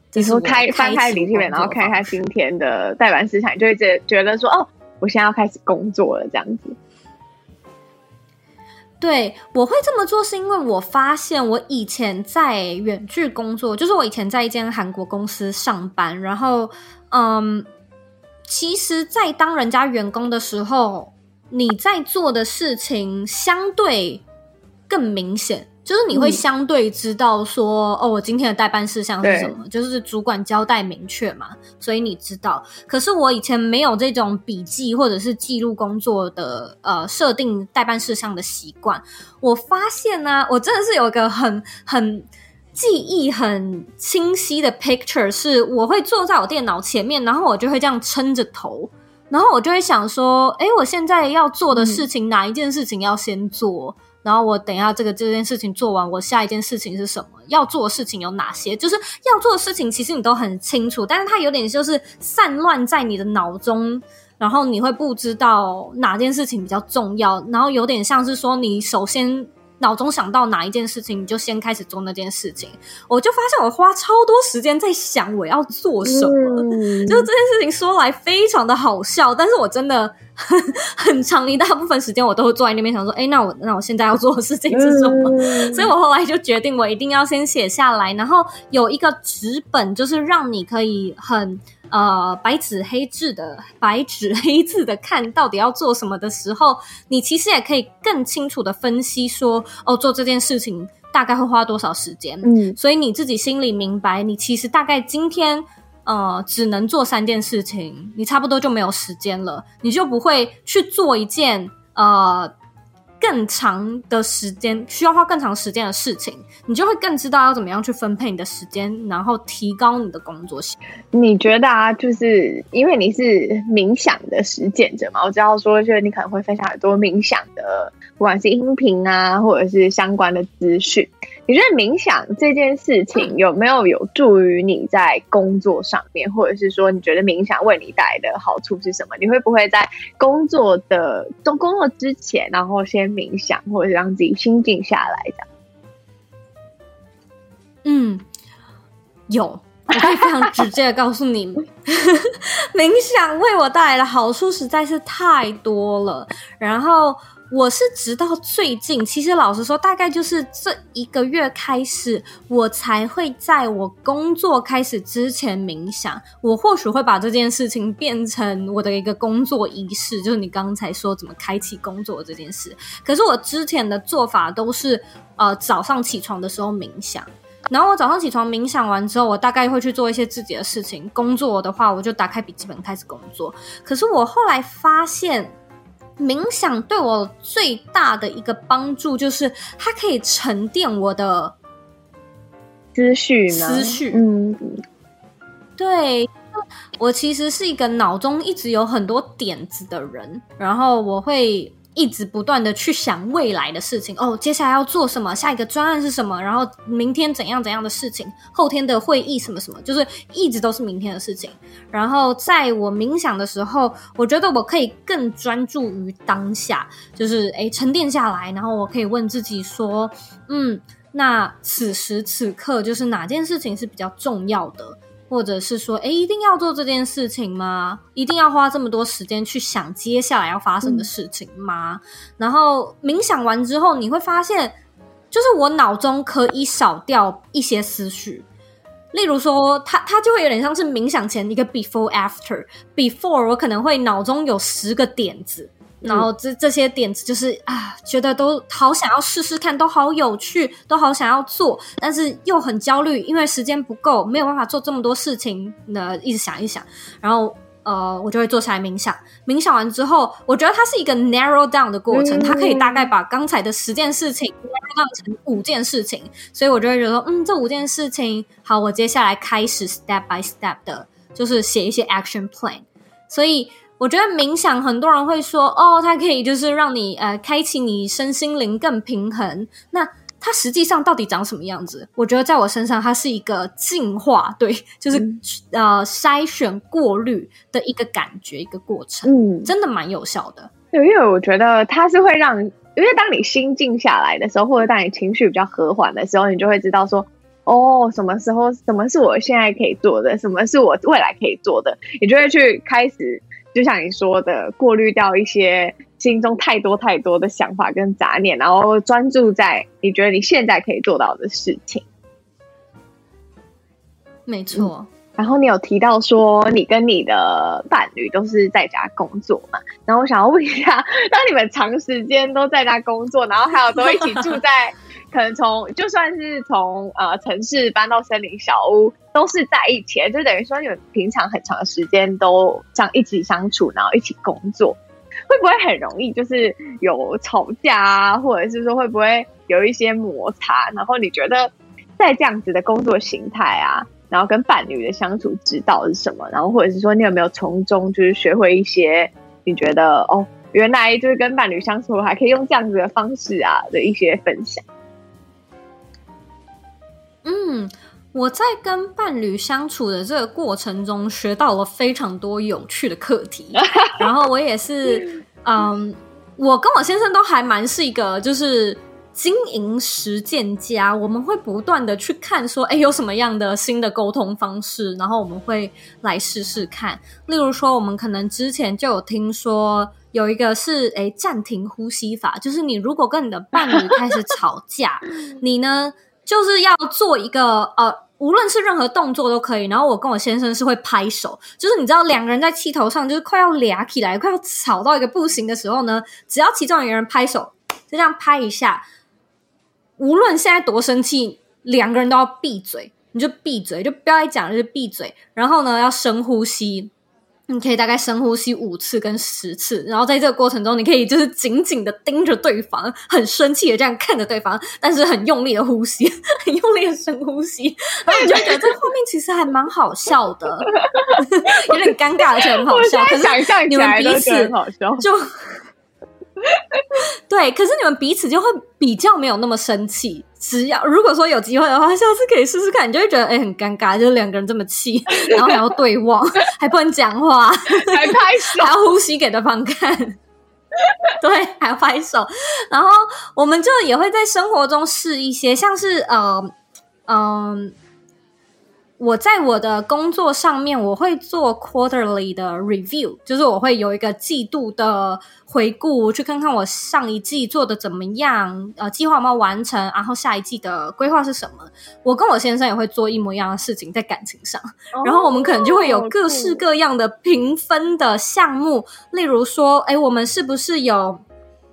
就、嗯、是我開翻開筆記本，然後看一下今天的待辦事項，嗯、就會覺覺得說哦，我現在要開始工作了這樣子。對，我會這麼做是因為我發現我以前在遠距工作，就是我以前在一間韓國公司上班，然後，嗯，其實在當人家員工的時候，你在做的事情相對更明顯。就是你會相對知道說，嗯、哦，我今天的待辦事項是什麼？就是主管交代明確嘛，所以你知道。可是我以前沒有這種筆記或者是記錄工作的呃設定待辦事項的習慣。我發現呢、啊，我真的是有一個很很記憶很清晰的 picture，是我會坐在我電腦前面，然後我就會這樣撐着頭，然後我就會想說，哎、欸，我現在要做的事情、嗯、哪一件事情要先做？然後我等一下這個這件事情做完，我下一件事情是什麼？要做的事情有哪些？就是要做的事情，其實你都很清楚，但是它有點就是散亂在你的腦中，然後你會不知道哪件事情比較重要，然後有點像是說你首先。腦中想到哪一件事情，你就先開始做那件事情。我就發現我花超多時間在想我要做什麼。嗯。就是這件事情說來非常的好笑，但是我真的很，很長一大部分時間我都會坐在那邊想說，誒、欸、那我那我現在要做的事情是什麼？嗯。所以我後來就決定我一定要先寫下來，然後有一個紙本，就是讓你可以很。呃，白紙黑字的，白紙黑字的看到底要做什麼的時候，你其實也可以更清楚的分析說，哦，做這件事情大概會花多少時間。嗯，所以你自己心裡明白，你其實大概今天，呃，只能做三件事情，你差不多就沒有時間了，你就不會去做一件呃。更長的時間，需要花更長時間的事情，你就會更知道要怎麼樣去分配你的時間，然後提高你的工作性。你覺得啊，就是因為你是冥想的實踐者嘛？我知道說，就是你可能會分享很多冥想的，不管是音頻啊，或者是相關的資訊。你覺得冥想這件事情有沒有有助於你在工作上面，嗯，或者是說，你覺得冥想為你帶來的好處是什麼？你會不會在工作的做工作之前，然後先冥想，或者是讓自己心靜下來這樣？嗯，有，我可以非常直接的告訴你們， *laughs* *laughs* 冥想為我帶來的好處實在是太多了，然後。我是直到最近，其實老實說，大概就是這一個月開始，我才會在我工作開始之前冥想。我或許會把這件事情變成我的一個工作儀式，就是你剛才說怎麼開啟工作這件事。可是我之前的做法都是，呃，早上起床的時候冥想，然後我早上起床冥想完之後，我大概會去做一些自己的事情。工作的話，我就打開筆記本開始工作。可是我後來發現。冥想對我最大的一個幫助，就是它可以沉澱我的思緒，思緒。嗯，對，我其實是一個腦中一直有很多點子的人，然後我會。一直不斷的去想未來的事情哦，接下來要做什麼？下一個專案是什麼？然後明天怎樣怎樣的事情？後天的會議什麼什麼？就是一直都是明天的事情。然後在我冥想的時候，我覺得我可以更專注於當下，就是誒沉澱下來，然後我可以問自己說，嗯，那此時此刻就是哪件事情是比較重要的？或者是說，誒、欸，一定要做這件事情嗎？一定要花這麼多時間去想接下來要發生的事情嗎？嗯、然後冥想完之後，你會發現，就是我腦中可以少掉一些思緒。例如說，他他就會有點像是冥想前一個 before after。before 我可能會腦中有十個點子。然後這這些點子就是啊，覺得都好想要試試看，都好有趣，都好想要做，但是又很焦慮，因為時間不夠，沒有辦法做這麼多事情。那一直想一想，然後呃，我就會坐下來冥想。冥想完之後，我覺得它是一個 narrow down 的過程，嗯、它可以大概把剛才的十件事情歸納、嗯、成五件事情，所以我就會覺得說，嗯，這五件事情，好，我接下來開始 step by step 的，就是寫一些 action plan。所以。我覺得冥想，很多人會說哦，它可以就是讓你呃，開啟你身心靈更平衡。那它實際上到底長什麼樣子？我覺得在我身上，它是一個進化，對，就是、嗯、呃篩選過濾的一個感覺，一個過程，嗯，真的蠻有效的。對，因為我覺得它是會讓，因為當你心靜下來的時候，或者當你情緒比較和緩的時候，你就會知道說哦，什麼時候什麼是我現在可以做的，什麼是我未來可以做的，你就會去開始。就像你說的，過濾掉一些心中太多太多的想法跟雜念，然後專注在你覺得你現在可以做到的事情。沒錯。然後你有提到說，你跟你的伴侶都是在家工作嘛？然後我想要問一下，當你們長時間都在家工作，然後還有都一起住在， *laughs* 可能從就算是從呃城市搬到森林小屋。都是在一起，就等於說你們平常很長的時間都這樣一起相處，然後一起工作，會不會很容易就是有吵架啊，或者是說會不會有一些摩擦？然後你覺得在這樣子的工作形態啊，然後跟伴侶的相處之道是什麼？然後或者是說你有沒有從中就是學會一些你覺得哦，原來就是跟伴侶相處還可以用這樣子的方式啊的一些分享？嗯。我在跟伴侶相處的這個過程中，學到了非常多有趣的課題。 *laughs* 然後我也是，嗯，我跟我先生都還蠻是一個，就是經營實踐家。我們會不斷的去看，說，誒，有什麼樣的新的溝通方式，然後我們會來試試看。例如說，我們可能之前就有聽說有一個是，誒，暫停呼吸法，就是你如果跟你的伴侶開始吵架， *laughs* 你呢？就是要做一個呃，無論是任何動作都可以。然後我跟我先生是會拍手，就是你知道兩個人在氣頭上，就是快要倆起來，快要吵到一個不行的時候呢，只要其中一個人拍手，就這樣拍一下。無論現在多生氣，兩個人都要閉嘴，你就閉嘴，就不要再講，就是閉嘴。然後呢，要深呼吸。你可以大概深呼吸五次跟十次，然後在這個過程中，你可以就是緊緊的盯着對方，很生氣的這樣看着對方，但是很用力的呼吸，很用力的深呼吸，然後你就覺得這畫面其實還蠻好笑的， *laughs* 有點尷尬而且很，很好笑，可是想起來都很好笑，就。對，可是你們彼此就會比較沒有那麼生氣。只要如果說有機會的話，下次可以試試看，你就會覺得哎、欸，很尷尬，就是兩個人這麼氣，然後還要對望，還不能講話，還拍手，還要呼吸給對方看。對，還要拍手，然後我們就也會在生活中試一些，像是呃，嗯、呃。我在我的工作上面，我會做 quarterly 的 review，就是我會有一個季度的回顧，去看看我上一季做得怎麼樣，呃，計劃有沒有完成，然後下一季的規劃是什麼。我跟我先生也會做一模一樣的事情，在感情上，哦，然後我們可能就會有各式各樣的評分的項目，哦，例如說，哎，我們是不是有。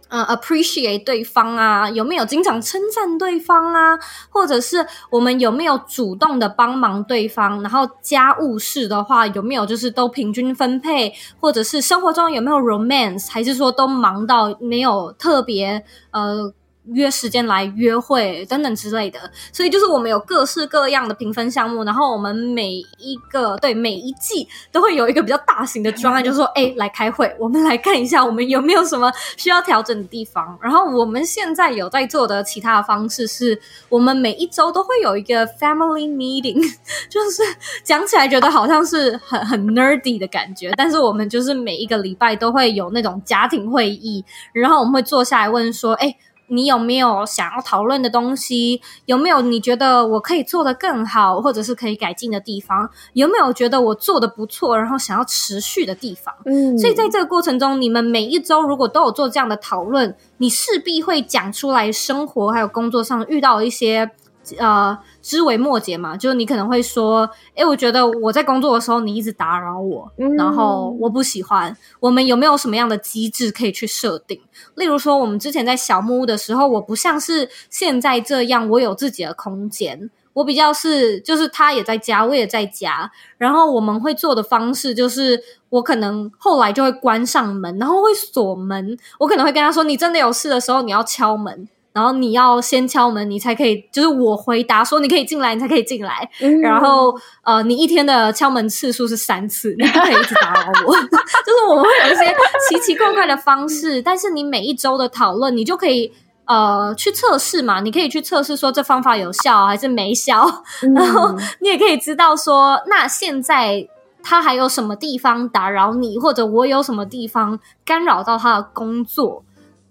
呃，uh，appreciate 對方啊，有沒有經常稱讚對方啊？或者是我們有沒有主動的幫忙對方？然後家務事的話，有沒有就是都平均分配？或者是生活中有沒有 romance？還是說都忙到沒有特別呃？約時間來約會等等之類的，所以就是我們有各式各樣的評分項目，然後我們每一個對每一季都會有一個比較大型的專案，就是說哎，來開會，我們來看一下我們有沒有什麼需要調整的地方。然後我們現在有在做的其他的方式是，是我們每一周都會有一個 family meeting，就是講起來覺得好像是很很 nerdy 的感覺，但是我們就是每一個禮拜都會有那種家庭會議，然後我們會坐下來問說哎。誒你有沒有想要討論的東西？有沒有你覺得我可以做得更好，或者是可以改進的地方？有沒有覺得我做得不錯，然後想要持續的地方？嗯，所以在這個過程中，你們每一周如果都有做這樣的討論，你勢必會講出來生活還有工作上遇到一些。呃，枝微末節嘛，就是你可能會說，誒、欸，我覺得我在工作的時候你一直打擾我、嗯，然後我不喜歡。我們有沒有什麼樣的機制可以去設定？例如說，我們之前在小木屋的時候，我不像是現在這樣，我有自己的空間。我比較是，就是他也在家，我也在家。然後我們會做的方式就是，我可能後來就會關上門，然後會鎖門。我可能會跟他說，你真的有事的時候，你要敲門。然後你要先敲門，你才可以，就是我回答說你可以進來，你才可以進來。然後呃，你一天的敲門次數是三次，你不可以一直打擾我。就是我們會有一些奇奇怪怪的方式，但是你每一周的討論，你就可以呃去測試嘛，你可以去測試說這方法有效還是沒效，然後你也可以知道說，那現在他還有什麼地方打擾你，或者我有什麼地方干擾到他的工作。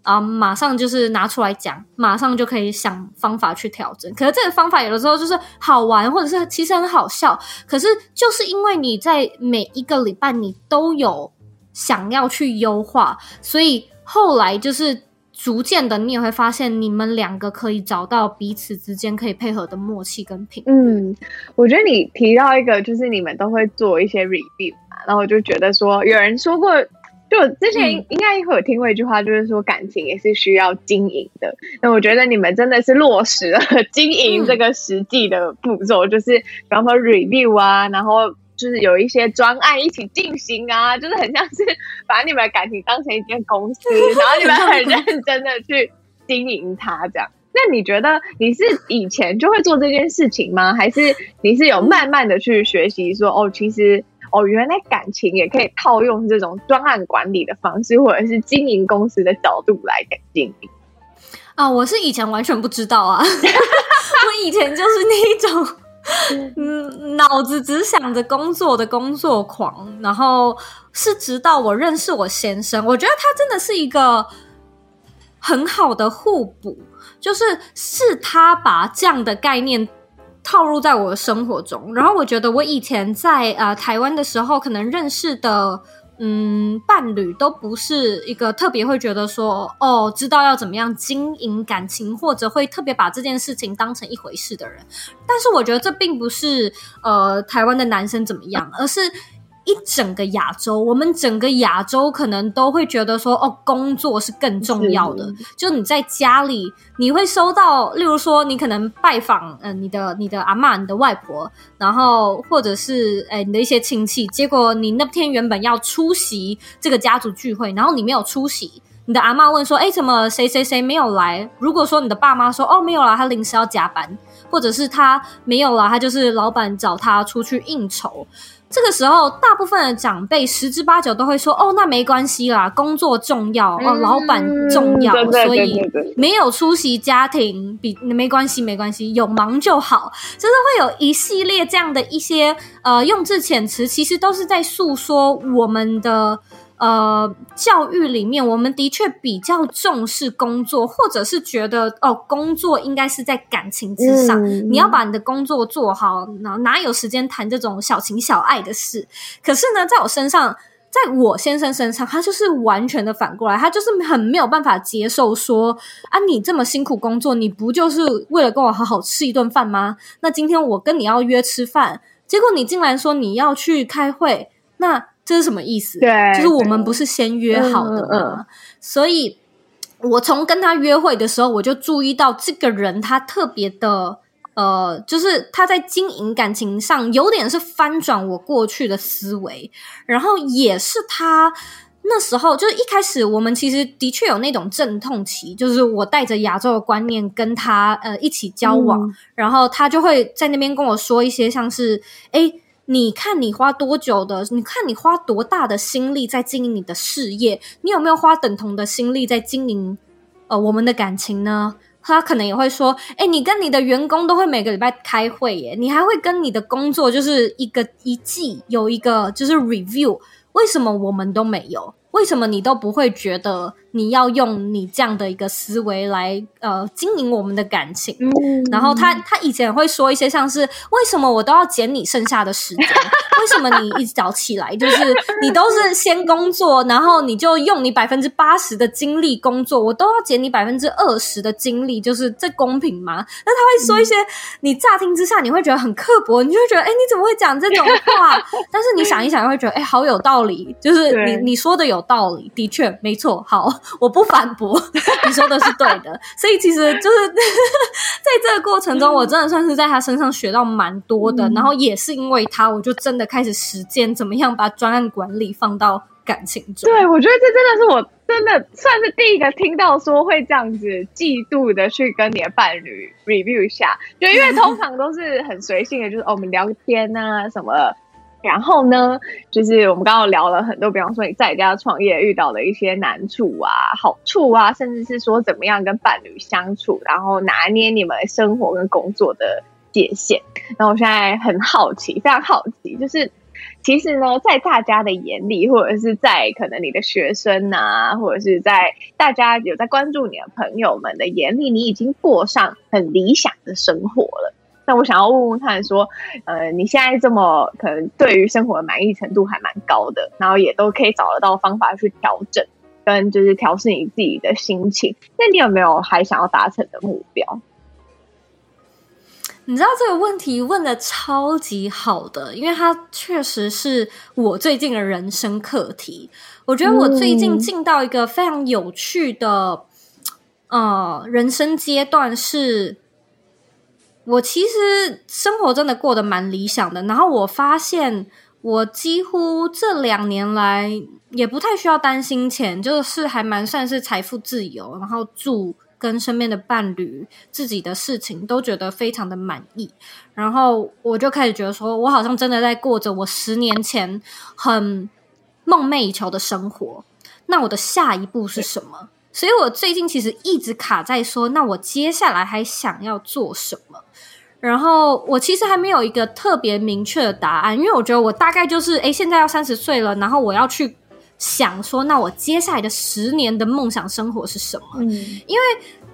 啊，馬上就是拿出來講，馬上就可以想方法去調整。可是這個方法有的時候就是好玩，或者是其實很好笑。可是就是因為你在每一個禮拜你都有想要去優化，所以後來就是逐漸的，你也會發現你們兩個可以找到彼此之間可以配合的默契跟平衡。嗯，我覺得你提到一個，就是你們都會做一些 review 嘛，然後我就覺得說，有人說過。就我之前應該會有聽過一句話，就是說感情也是需要經營的。那我覺得你們真的是落實了經營這個實際的步驟，就是比方說 review 啊，然後就是有一些專案一起進行啊，就是很像是把你們的感情當成一間公司，然後你們很認真的去經營它這樣。那你覺得你是以前就會做這件事情嗎？還是你是有慢慢的去學習說，哦，其實。哦，原來感情也可以套用這種專案管理的方式，或者是經營公司的角度來管理啊！我是以前完全不知道啊， *laughs* *laughs* 我以前就是那一種嗯，腦子只想着工作的工作狂。然後是直到我認識我先生，我覺得他真的是一個很好的互補，就是是他把這樣的概念。套入在我的生活中，然後我覺得我以前在啊、呃、台灣的時候，可能認識的嗯伴侶都不是一個特別會覺得說哦，知道要怎麼樣經營感情，或者會特別把這件事情當成一回事的人。但是我覺得這並不是呃台灣的男生怎麼樣，而是。一整個亞洲，我們整個亞洲可能都會覺得說，哦，工作是更重要的。的就你在家裡，你會收到，例如說，你可能拜訪，嗯、呃，你的、你的阿嬤、你的外婆，然後或者是，哎，你的一些親戚。結果你那天原本要出席這個家族聚會，然後你沒有出席。你的阿嬤問說，哎，怎麼誰誰誰沒有來？如果說你的爸媽說，哦，沒有啦，他臨時要加班，或者是他沒有啦，他就是老闆找他出去應酬。這個時候，大部分的長輩十之八九都會說：“哦，那沒關係啦，工作重要哦，嗯，老闆重要對對對對對，所以沒有出席家庭，比沒關係，沒關係，有忙就好。”真的會有一系列這樣的一些呃用字遣詞，其實都是在訴說我們的。呃，教育裡面，我們的確比較重視工作，或者是覺得哦、呃，工作應該是在感情之上。嗯。你要把你的工作做好，哪哪有時間談這種小情小愛的事？可是呢，在我身上，在我先生身上，他就是完全的反過來，他就是很沒有辦法接受說啊，你這麼辛苦工作，你不就是為了跟我好好吃一頓飯嗎？那今天我跟你要約吃飯，結果你竟然說你要去開會，那。這是什麼意思？對，就是我們不是先約好的嗎？所以，我從跟他約會的時候，我就注意到這個人他特別的，呃，就是他在經營感情上有點是翻轉我過去的思維，然後也是他那時候，就是一開始我們其實的確有那種陣痛期，就是我帶着亞洲的觀念跟他呃一起交往，嗯，然後他就會在那邊跟我說一些像是誒。欸你看你花多久的？你看你花多大的心力在經營你的事業？你有沒有花等同的心力在經營呃我們的感情呢？他可能也會說：“欸，你跟你的員工都會每個禮拜開會耶，你還會跟你的工作就是一個一季有一個就是 review，為什麼我們都沒有？為什麼你都不會覺得？”你要用你這樣的一個思維來呃經營我們的感情，嗯、然後他他以前會說一些像是為什麼我都要撿你剩下的時間？ *laughs* 為什麼你一早起來就是你都是先工作，然後你就用你百分之八十的精力工作，我都要撿你百分之二十的精力，就是這公平嗎？那他會說一些、嗯，你乍聽之下你會覺得很刻薄，你就會覺得誒、欸，你怎麼會講這種話？ *laughs* 但是你想一想又會覺得誒、欸，好有道理，就是你你說的有道理，的確沒錯，好。我不反駁，你說的是對的， *laughs* 所以其實就是 *laughs* 在這個過程中、嗯，我真的算是在他身上學到蠻多的，嗯、然後也是因為他，我就真的開始實踐怎麼樣把專案管理放到感情中。對，我覺得這真的是我真的算是第一個聽到說會這樣子嫉妒的去跟你的伴侶 review 一下，就因為通常都是很隨性的，就是、哦、我們聊天啊什麼。然後呢，就是我們剛剛聊了很多，比方說你在家創業遇到的一些難處啊、好處啊，甚至是說怎麼樣跟伴侶相處，然後拿捏你們生活跟工作的界限。那我現在很好奇，非常好奇，就是其實呢，在大家的眼裡，或者是在可能你的學生啊，或者是在大家有在關注你的朋友們的眼裡，你已經過上很理想的生活了。但我想要問問看，說，呃，你現在這麼可能對於生活的滿意程度還蠻高的，然後也都可以找得到方法去調整，跟就是調適你自己的心情。那你有沒有還想要達成的目標？你知道這個問題問得超級好的，因為它確實是我最近的人生課題。我覺得我最近進到一個非常有趣的，嗯、呃，人生階段是。我其實生活真的過得蠻理想的，然後我發現我幾乎這兩年來也不太需要擔心錢，就是還蠻算是財富自由，然後住跟身邊的伴侶、自己的事情都覺得非常的滿意，然後我就開始覺得說，我好像真的在過着我十年前很夢寐以求的生活。那我的下一步是什麼？所以我最近其實一直卡在說，那我接下來還想要做什麼？然後我其實還沒有一個特別明確的答案，因為我覺得我大概就是，誒，現在要三十歲了，然後我要去想說，那我接下來的十年的夢想生活是什麼？嗯。因為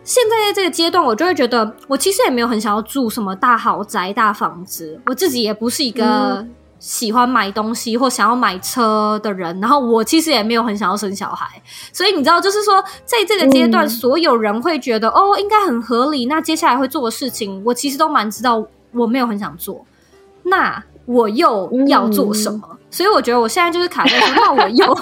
現在在這個階段，我就會覺得，我其實也沒有很想要住什麼大豪宅、大房子，我自己也不是一個。嗯喜歡買東西或想要買車的人，然後我其實也沒有很想要生小孩，所以你知道，就是說，在這個階段，所有人會覺得、嗯、哦，應該很合理。那接下來會做的事情，我其實都蠻知道，我沒有很想做。那我又要做什麼、嗯？所以我覺得我現在就是卡在說，那我又 *laughs*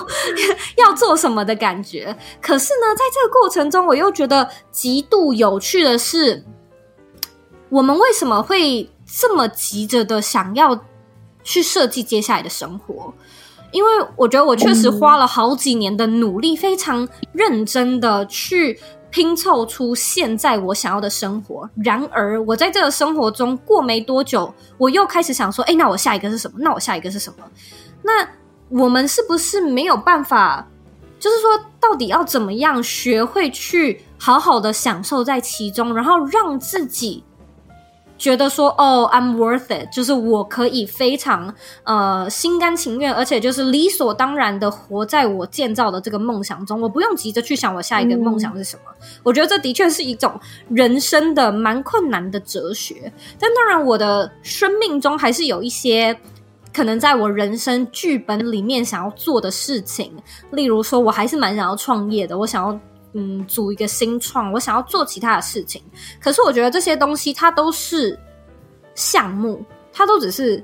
*laughs* 要做什麼的感覺。可是呢，在這個過程中，我又覺得極度有趣的是，我們為什麼會這麼急着的想要？去設計接下來的生活，因為我覺得我確實花了好幾年的努力，非常認真的去拼湊出現在我想要的生活。然而，我在這個生活中過沒多久，我又開始想說：誒，那我下一個是什麼？那我下一個是什麼？那我們是不是沒有辦法？就是說，到底要怎麼樣學會去好好的享受在其中，然後讓自己。覺得說哦，Oh，I'm worth it，就是我可以非常呃心甘情願，而且就是理所當然的活在我建造的這個夢想中，我不用急着去想我下一個夢想是什麼。嗯。我覺得這的確是一種人生的蠻困難的哲學，但當然我的生命中還是有一些可能在我人生劇本裡面想要做的事情，例如說我還是蠻想要創業的，我想要。嗯，組一個新創，我想要做其他的事情。可是我覺得這些東西它都是項目，它都只是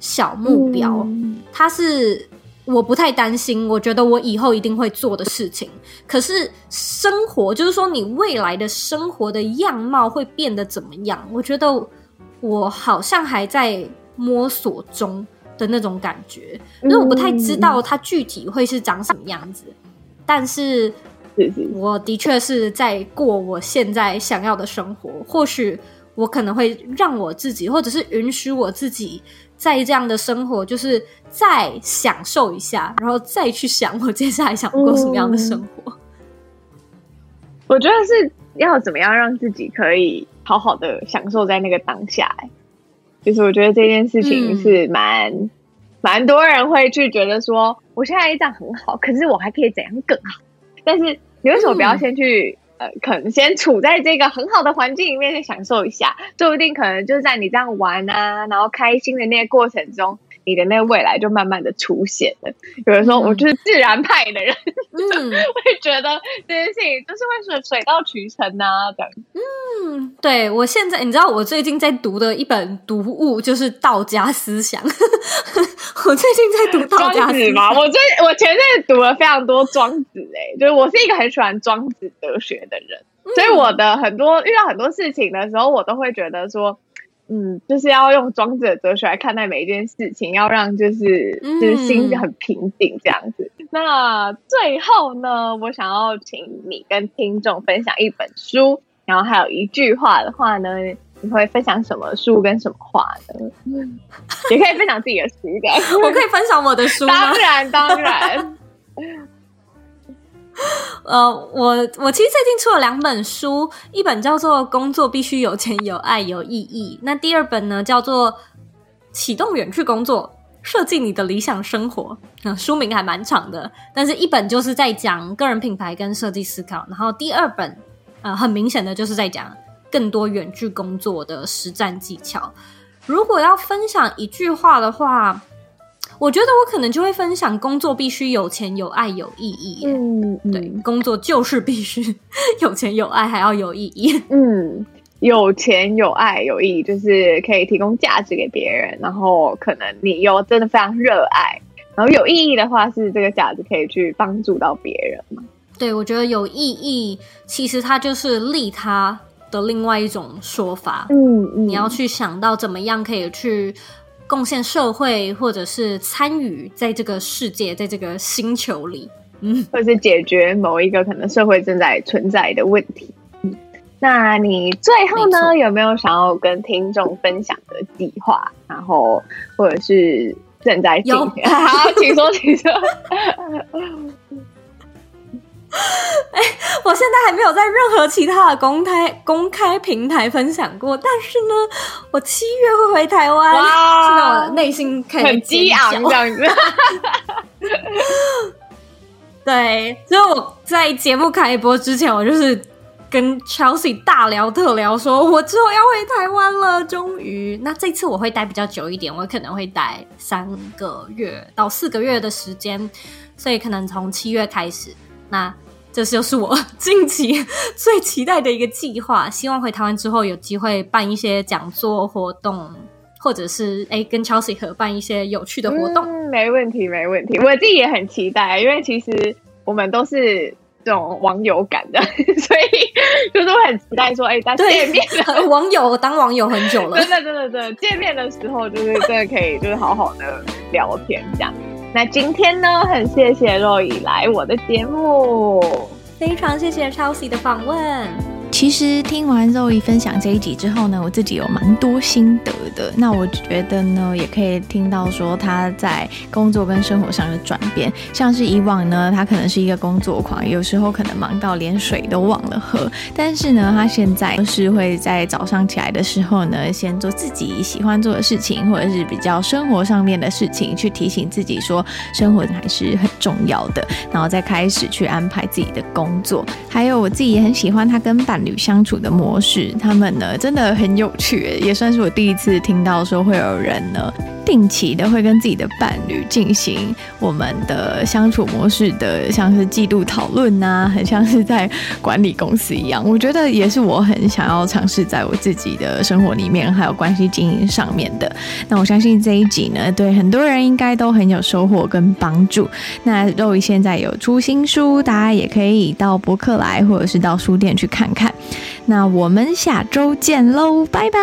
小目標，它是我不太擔心，我覺得我以後一定會做的事情。可是生活，就是說你未來的生活的樣貌會變得怎麼樣？我覺得我好像還在摸索中的那種感覺，因為我不太知道它具體會是長什麼樣子，但是。是是是。我的確是在過我現在想要的生活，或許我可能會讓我自己，或者是允許我自己，在這樣的生活，就是再享受一下，然後再去想我接下來想過什麼樣的生活。嗯，我覺得是要怎麼樣讓自己可以好好的享受在那個當下，欸。就是我覺得這件事情是蠻蠻，嗯、多人會去覺得說，我現在這樣很好，可是我還可以怎樣更好，啊？但是，你為什麼不要先去？嗯、呃，可能先處在這個很好的環境裡面去享受一下，說不定可能就是在你這樣玩啊，然後開心的那些過程中。你的那個未來就慢慢的出現了。有人說我就是自然派的人，嗯、 *laughs* 就會覺得這些事情就是會水水到渠成啊，這樣。嗯，對我現在你知道我最近在讀的一本讀物就是道家思想， *laughs* 我最近在讀道家思想莊子嘛，我最我前陣子讀了非常多莊子、欸，哎， *laughs* 就是我是一個很喜歡莊子哲學的人、嗯，所以我的很多遇到很多事情的時候，我都會覺得說。嗯，就是要用莊子的哲學來看待每一件事情，要讓就是就是心裡很平靜這樣子。嗯、那最後呢，我想要請你跟聽眾分享一本書，然後還有一句話的話呢，你會分享什麼書跟什麼話呢？你、嗯、可以分享自己的書，對， *laughs* 我可以分享我的書。當然，當然。 *laughs* 呃，我我其實最近出了兩本書，一本叫做《工作必須有錢有愛有意義》，那第二本呢叫做《啟動遠距工作：設計你的理想生活》。呃，書名還蠻長的，但是一本就是在講個人品牌跟設計思考，然後第二本呃很明顯的就是在講更多遠距工作的實戰技巧。如果要分享一句話的話。我覺得我可能就會分享，工作必須有錢、有愛、有意義。嗯，對嗯，工作就是必須 *laughs* 有錢、有愛，還要有意義。嗯，有錢、有愛、有意義，就是可以提供價值給別人。然後，可能你又真的非常熱愛，然後有意義的話，是這個價值可以去幫助到別人嘛？對，我覺得有意義，其實它就是利他的另外一種說法。嗯，嗯你要去想到怎麼樣可以去。貢獻社會，或者是參與在這個世界，在這個星球裡，嗯，或者是解決某一個可能社會正在存在的問題，嗯。那你最後呢，有沒有想要跟聽眾分享的計劃？然後或者是正在有 *laughs* 好，請說，請說。 *laughs* 哎、欸，我現在還沒有在任何其他的公開公開平台分享過，但是呢，我七月會回台灣，wow, 我的，內心可以很激昂，這樣子。 *laughs* *laughs* 對，所以我在節目開播之前，我就是跟 Chelsea 大聊特聊說，說我之後要回台灣了，終於。那這次我會待比較久一點，我可能會待三個月到四個月的時間，所以可能從七月開始。那這就是我近期最期待的一個計劃，希望回台灣之後有機會辦一些講座活動，或者是哎跟 Chelsea 合辦一些有趣的活動。嗯，沒問題，沒問題，我自己也很期待，因為其實我們都是這種網友感的，所以就是我很期待說哎大家見面了。網友當網友很久了，真的真的真的，見面的時候就是真的可以就是好好的聊天 *laughs* 這樣。那今天呢，很謝謝 Zoey 來我的節目。非常謝謝喬西的訪問。其實聽完 Zoey 分享這一集之後呢，我自己有蠻多心得的。那我覺得呢，也可以聽到說他在工作跟生活上的轉變。像是以往呢，他可能是一個工作狂，有時候可能忙到連水都忘了喝。但是呢，他現在都是會在早上起來的時候呢，先做自己喜歡做的事情，或者是比較生活上面的事情，去提醒自己說生活還是很重要的，然後再開始去安排自己的工作。還有我自己也很喜歡他跟板女相處的模式，他們呢真的很有趣，也算是我第一次聽到說會有人呢定期的會跟自己的伴侶進行我們的相處模式的，像是季度討論啊，很像是在管理公司一樣。我覺得也是我很想要嘗試在我自己的生活裡面還有關係經營上面的。那我相信這一集呢，對很多人應該都很有收穫跟幫助。那 Zoey 現在有出新書、啊，大家也可以到博客來或者是到書店去看看。那我們下週見嘍，拜拜。